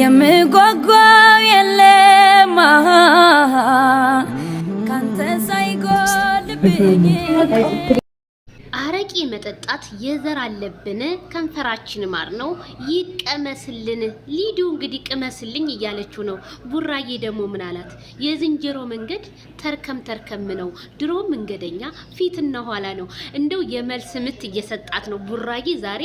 የምጓጓው የለም ካንተ ሳይጎልብኝ በቂ መጠጣት የዘር አለብን፣ ከንፈራችን ማር ነው ይቀመስልን። ሊዱ እንግዲህ ቅመስልኝ እያለችው ነው። ቡራዬ ደግሞ ምን አላት? የዝንጀሮ መንገድ ተርከም ተርከም ነው፣ ድሮ መንገደኛ ፊትና ኋላ ነው። እንደው የመልስ ምት እየሰጣት ነው ቡራዬ ዛሬ።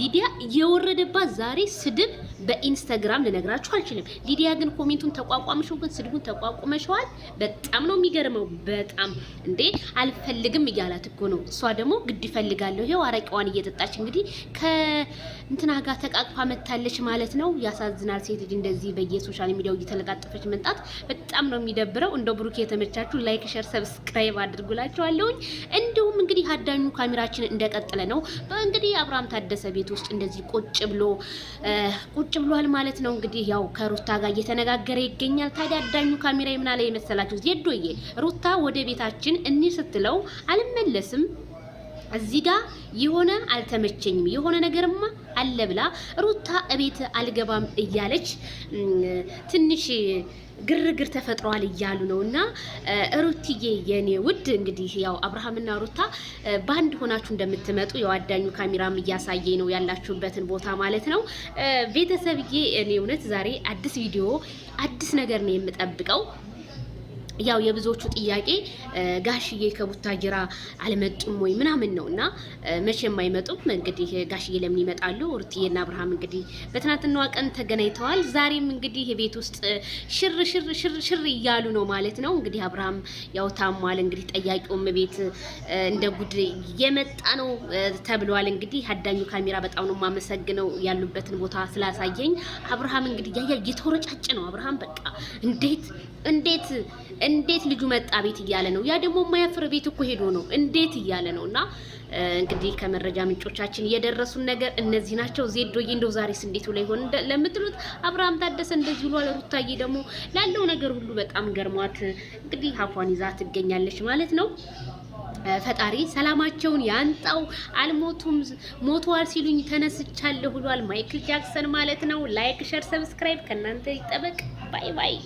ሊዲያ የወረደባት ዛሬ ስድብ በኢንስታግራም ልነግራችሁ አልችልም። ሊዲያ ግን ኮሜንቱን ተቋቋመሽው፣ ግን ስድቡን ተቋቁመሸዋል። በጣም ነው የሚገርመው። በጣም እንዴ አልፈልግም እያላት እኮ ነው ደግሞ ግድ ይፈልጋለሁ። ይሄው አረቂዋን እየጠጣች እንግዲህ ከእንትና ጋር ተቃቅፋ መታለች ማለት ነው። ያሳዝናል። ሴት ልጅ እንደዚህ በየሶሻል ሚዲያው እየተለጣጠፈች መምጣት በጣም ነው የሚደብረው። እንደ ብሩክ የተመቻችሁ ላይክ፣ ሸር፣ ሰብስክራይብ አድርጉላቸዋለሁኝ። እንዲሁም እንግዲህ አዳኙ ካሜራችን እንደቀጠለ ነው። እንግዲህ አብርሃም ታደሰ ቤት ውስጥ እንደዚህ ቁጭ ብሎ ቁጭ ብሏል ማለት ነው። እንግዲህ ያው ከሩታ ጋር እየተነጋገረ ይገኛል። ታዲያ አዳኙ ካሜራ የምናለ የመሰላችሁ ዜዶዬ ሩታ ወደ ቤታችን እኒ ስትለው አልመለስም እዚህ የሆነ አልተመቸኝም የሆነ ነገርማ አለ ብላ ሩታ እቤት አልገባም እያለች ትንሽ ግርግር ተፈጥሯል እያሉ ነው። እና ሩትዬ የኔ ውድ እንግዲህ ያው አብርሃምና ሩታ በአንድ ሆናችሁ እንደምትመጡ ያው አዳኙ ካሜራም እያሳየ ነው ያላችሁበትን ቦታ ማለት ነው። ቤተሰብዬ እኔ እውነት ዛሬ አዲስ ቪዲዮ አዲስ ነገር ነው የምጠብቀው። ያው የብዙዎቹ ጥያቄ ጋሽዬ ከቡታጅራ አልመጡም ወይ ምናምን ነው እና መቼም አይመጡም። እንግዲህ ጋሽዬ ለምን ይመጣሉ? ሩትዬና አብርሃም እንግዲህ በትናንትናዋ ቀን ተገናኝተዋል። ዛሬም እንግዲህ የቤት ውስጥ ሽር ሽር ሽር ሽር እያሉ ነው ማለት ነው። እንግዲህ አብርሃም ያው ታሟል። እንግዲህ ጠያቂውም ቤት እንደ ጉድ የመጣ ነው ተብሏል። እንግዲህ አዳኙ ካሜራ በጣም ነው የማመሰግነው ያሉበትን ቦታ ስላሳየኝ። አብርሃም እንግዲህ ያያ የተወረጫጭ ነው አብርሃም በቃ እንዴት እንዴት እንዴት ልጁ መጣ ቤት እያለ ነው። ያ ደግሞ የማያፍር ቤት እኮ ሄዶ ነው እንዴት እያለ ነው። እና እንግዲህ ከመረጃ ምንጮቻችን የደረሱን ነገር እነዚህ ናቸው። ዜዶዬ እንደው ዛሬስ እንዴት ላይ ይሆን ለምትሉት አብርሃም ታደሰ እንደዚህ ብሏል። ሩታዬ ደግሞ ላለው ነገር ሁሉ በጣም ገርሟት እንግዲህ ሀፏን ይዛ ትገኛለች ማለት ነው። ፈጣሪ ሰላማቸውን ያንጣው። አልሞቱም ሞተዋል ሲሉኝ ተነስቻለሁ ብሏል ማይክል ጃክሰን ማለት ነው። ላይክ፣ ሸር፣ ሰብስክራይብ ከእናንተ ይጠበቅ። ባይ ባይ